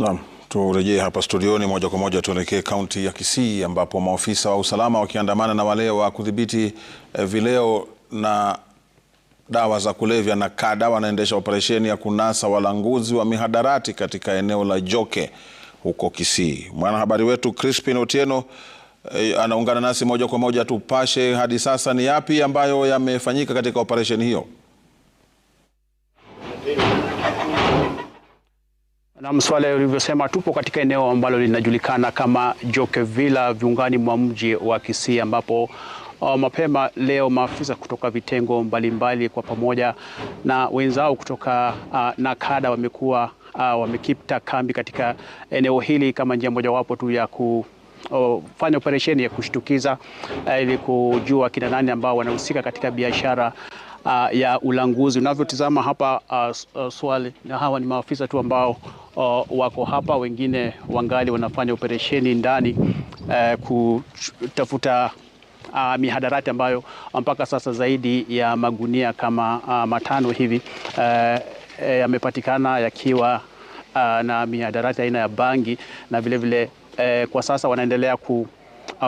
Naam, turejee hapa studioni moja kwa moja tuelekee kaunti ya Kisii ambapo maofisa wa usalama wakiandamana na wale wa kudhibiti eh, vileo na dawa za kulevya na kada wanaendesha operesheni ya kunasa walanguzi wa mihadarati katika eneo la Joke huko Kisii. Mwanahabari wetu Crispin Otieno eh, anaungana nasi moja kwa moja. Tupashe, hadi sasa ni yapi ambayo yamefanyika katika operesheni hiyo? Na mswala ulivyosema, tupo katika eneo ambalo linajulikana kama Joke Villa viungani mwa mji wa Kisii ambapo O, uh, mapema leo maafisa kutoka vitengo mbalimbali mbali kwa pamoja na wenzao kutoka uh, NACADA wamekuwa uh, wamekipta kambi katika eneo hili kama njia mojawapo tu ya ku uh, fanya operesheni ya kushtukiza uh, ili kujua kina nani ambao wanahusika katika biashara uh, ya ulanguzi. Unavyotizama hapa uh, uh, swali na hawa ni maafisa tu ambao uh, wako hapa, wengine wangali wanafanya operesheni ndani uh, kutafuta Uh, mihadarati ambayo uh, mpaka sasa zaidi ya magunia kama uh, matano hivi uh, eh, yamepatikana yakiwa uh, na mihadarati aina ya bangi na vilevile vile, uh, kwa sasa wanaendelea ku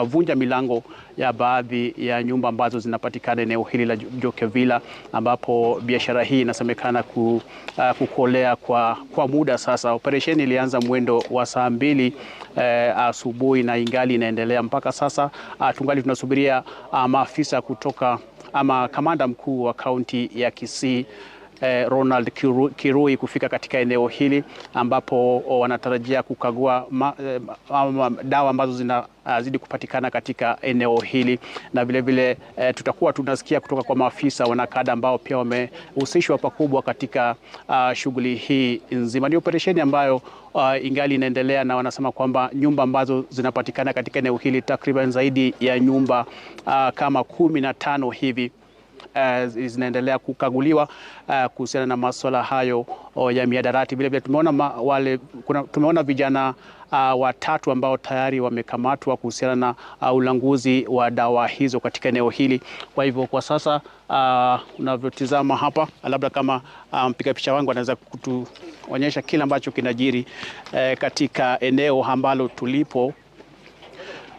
kuvunja milango ya baadhi ya nyumba ambazo zinapatikana eneo hili la Joke Villa, ambapo biashara hii inasemekana uh, kukolea kwa, kwa muda sasa. Operesheni ilianza mwendo wa saa mbili uh, asubuhi na ingali inaendelea mpaka sasa. Uh, tungali tunasubiria uh, maafisa kutoka ama kamanda mkuu wa kaunti ya Kisii eh, Ronald Kirui, Kirui kufika katika eneo hili ambapo oh, wanatarajia kukagua ma, eh, ma, um, dawa ambazo zinazidi ah, kupatikana katika eneo hili na vilevile eh, tutakuwa tunasikia kutoka kwa maafisa wanakada ambao pia wamehusishwa pakubwa katika uh, shughuli hii nzima. Ni operesheni ambayo uh, ingali inaendelea na wanasema kwamba nyumba ambazo zinapatikana katika eneo hili takriban zaidi ya nyumba uh, kama kumi na tano hivi uh, zinaendelea kukaguliwa uh, kuhusiana na masuala hayo uh, ya miadarati. Vilevile tumeona wale kuna, tumeona vijana uh, watatu ambao tayari wamekamatwa kuhusiana na uh, ulanguzi wa dawa hizo katika eneo hili. Kwa hivyo kwa sasa uh, unavyotizama hapa, labda kama mpiga um, picha wangu anaweza kutuonyesha kile ambacho kinajiri uh, katika eneo ambalo tulipo.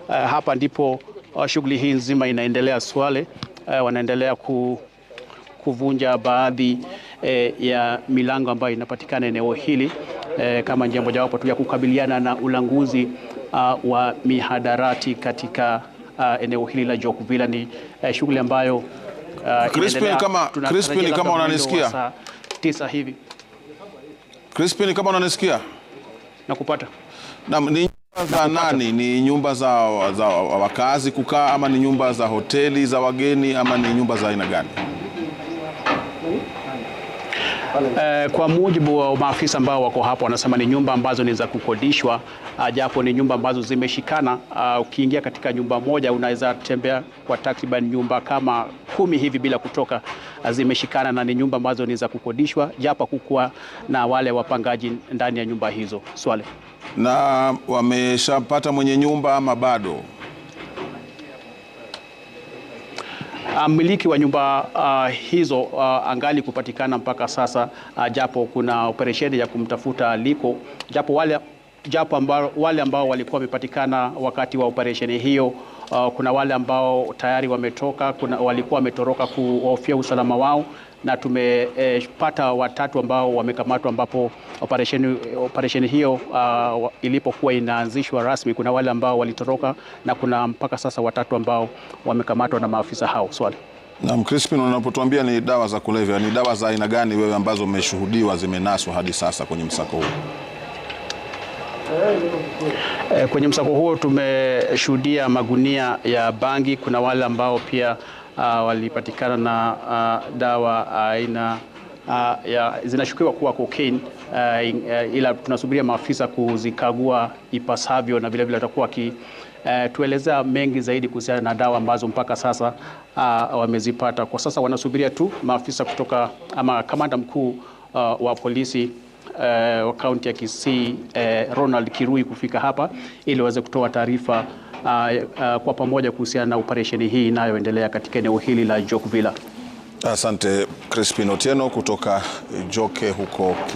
Uh, hapa ndipo uh, shughuli hii nzima inaendelea Swale uh, wanaendelea ku, kuvunja baadhi eh, ya milango ambayo inapatikana eneo hili eh, kama njia mojawapo tu ya kukabiliana na ulanguzi uh, wa mihadarati katika uh, eneo hili la Jokuvila. Ni uh, shughuli ambayo uh, Crispin, kama, Crispin, kama unanisikia tisa hivi Crispin, kama unanisikia nakupata. ni za nani? Ni nyumba za, za wakazi kukaa ama ni nyumba za hoteli za wageni ama ni nyumba za aina gani? Eh, kwa mujibu wa maafisa ambao wako hapo wanasema ni nyumba ambazo ni za kukodishwa, ah, japo ni nyumba ambazo zimeshikana. Ah, ukiingia katika nyumba moja unaweza tembea kwa takriban nyumba kama kumi hivi bila kutoka, ah, zimeshikana na ni nyumba ambazo ni za kukodishwa, japo kukuwa na wale wapangaji ndani ya nyumba hizo. Swale, na wameshapata mwenye nyumba ama bado? Ah, mmiliki wa nyumba uh, hizo uh, angali kupatikana mpaka sasa uh, japo kuna operesheni ya kumtafuta liko japo wale japo ambao, wale ambao walikuwa wamepatikana wakati wa operesheni hiyo uh, kuna wale ambao tayari wametoka, kuna walikuwa wametoroka kuhofia usalama wao na tumepata eh, watatu ambao wamekamatwa, ambapo operesheni operesheni hiyo uh, ilipokuwa inaanzishwa rasmi, kuna wale ambao walitoroka na kuna mpaka sasa watatu ambao wamekamatwa na maafisa hao. Swali Naam, Crispin, unapotuambia ni dawa za kulevya, ni dawa za aina gani wewe ambazo umeshuhudiwa zimenaswa hadi sasa kwenye msako huu? Eh, kwenye msako huo tumeshuhudia magunia ya bangi. Kuna wale ambao pia uh, walipatikana na uh, dawa ah, aina uh, ya zinashukiwa kuwa cocaine uh, uh, ila tunasubiria maafisa kuzikagua ipasavyo na vilevile watakuwa vile Uh, tuelezea mengi zaidi kuhusiana na dawa ambazo mpaka sasa uh, wamezipata. Kwa sasa wanasubiria tu maafisa kutoka ama kamanda mkuu uh, wa polisi wa eh, kaunti ya Kisii uh, eh, Ronald Kirui kufika hapa ili waweze kutoa taarifa uh, uh, kwa pamoja kuhusiana na operesheni hii inayoendelea katika eneo hili la Jokvilla. Asante Crispin Otieno kutoka Joke huko